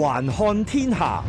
環看天下，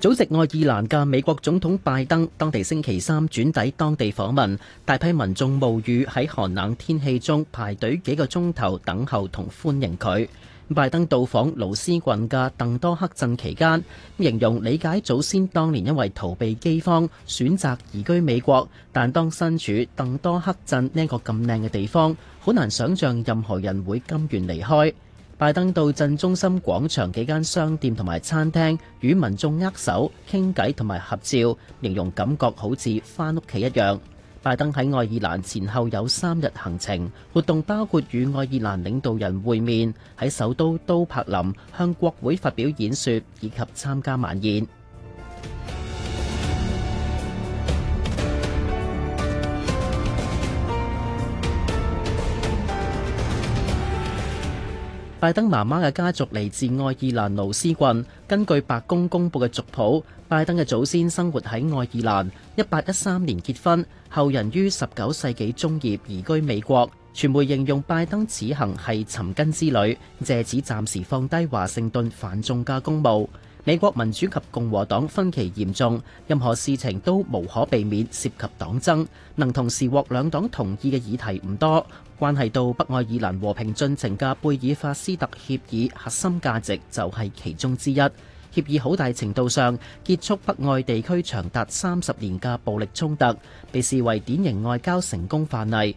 祖籍愛爾蘭嘅美國總統拜登，當地星期三轉抵當地訪問，大批民眾冒雨喺寒冷天氣中排隊幾個鐘頭等候同歡迎佢。拜登到訪勞斯郡嘅鄧多克鎮期間，形容理解祖先當年因為逃避饑荒選擇移居美國，但當身處鄧多克鎮呢個咁靚嘅地方，好難想象任何人會甘願離開。拜登到鎮中心廣場幾間商店同埋餐廳，與民眾握手傾偈同埋合照，形容感覺好似返屋企一樣。拜登喺愛爾蘭前後有三日行程，活動，包括與愛爾蘭領導人會面，喺首都都柏林向國會發表演說，以及參加晚宴。拜登媽媽嘅家族嚟自愛爾蘭勞斯郡。根據白宮公布嘅族譜，拜登嘅祖先生活喺愛爾蘭，一八一三年結婚，後人於十九世紀中葉移居美國。傳媒形容拜登此行係尋根之旅，藉此暫時放低華盛頓繁重嘅公務。美國民主及共和黨分歧嚴重，任何事情都無可避免涉及黨爭，能同時獲兩黨同意嘅議題唔多，關係到北愛爾蘭和平進程嘅貝爾法斯特協議核心價值就係其中之一。協議好大程度上結束北愛地區長達三十年嘅暴力衝突，被視為典型外交成功範例。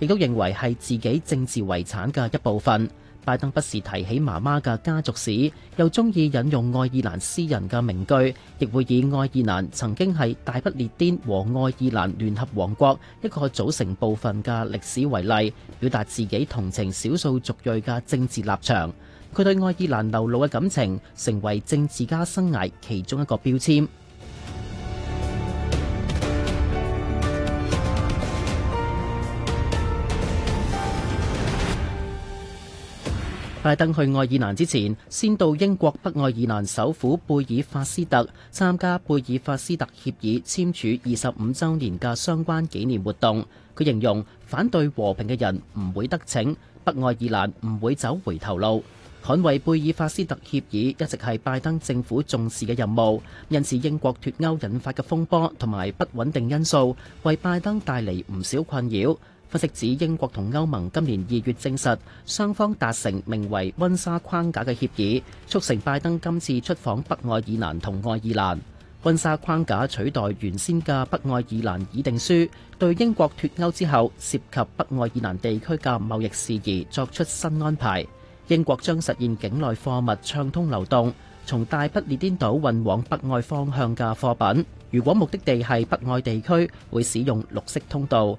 亦都認為係自己政治遺產嘅一部分。拜登不時提起媽媽嘅家族史，又中意引用愛爾蘭詩人嘅名句，亦會以愛爾蘭曾經係大不列顛和愛爾蘭聯合王國一個組成部分嘅歷史為例，表達自己同情少數族裔嘅政治立場。佢對愛爾蘭流露嘅感情，成為政治家生涯其中一個標籤。拜登去愛爾蘭之前，先到英國北愛爾蘭首府貝爾法斯特參加貝爾法斯特協議簽署二十五週年嘅相關紀念活動。佢形容反對和平嘅人唔會得逞，北愛爾蘭唔會走回頭路。捍衛貝爾法斯特協議一直係拜登政府重視嘅任務。因此英國脱歐引發嘅風波同埋不穩定因素，為拜登帶嚟唔少困擾。分析指英國同歐盟今年二月證實雙方達成名為溫莎框架嘅協議，促成拜登今次出訪北愛爾蘭同愛爾蘭。溫莎框架取代原先嘅北愛爾蘭議定書，對英國脫歐之後涉及北愛爾蘭地區嘅貿易事宜作出新安排。英國將實現境內貨物暢通流動，從大不列顛島運往北愛方向嘅貨品，如果目的地係北愛地區，會使用綠色通道。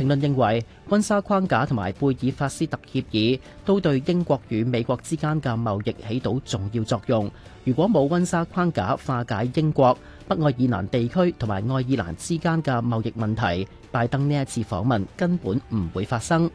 評論認為，溫莎框架同埋貝爾法斯特協議都對英國與美國之間嘅貿易起到重要作用。如果冇溫莎框架化解英國、北愛爾蘭地區同埋愛爾蘭之間嘅貿易問題，拜登呢一次訪問根本唔會發生。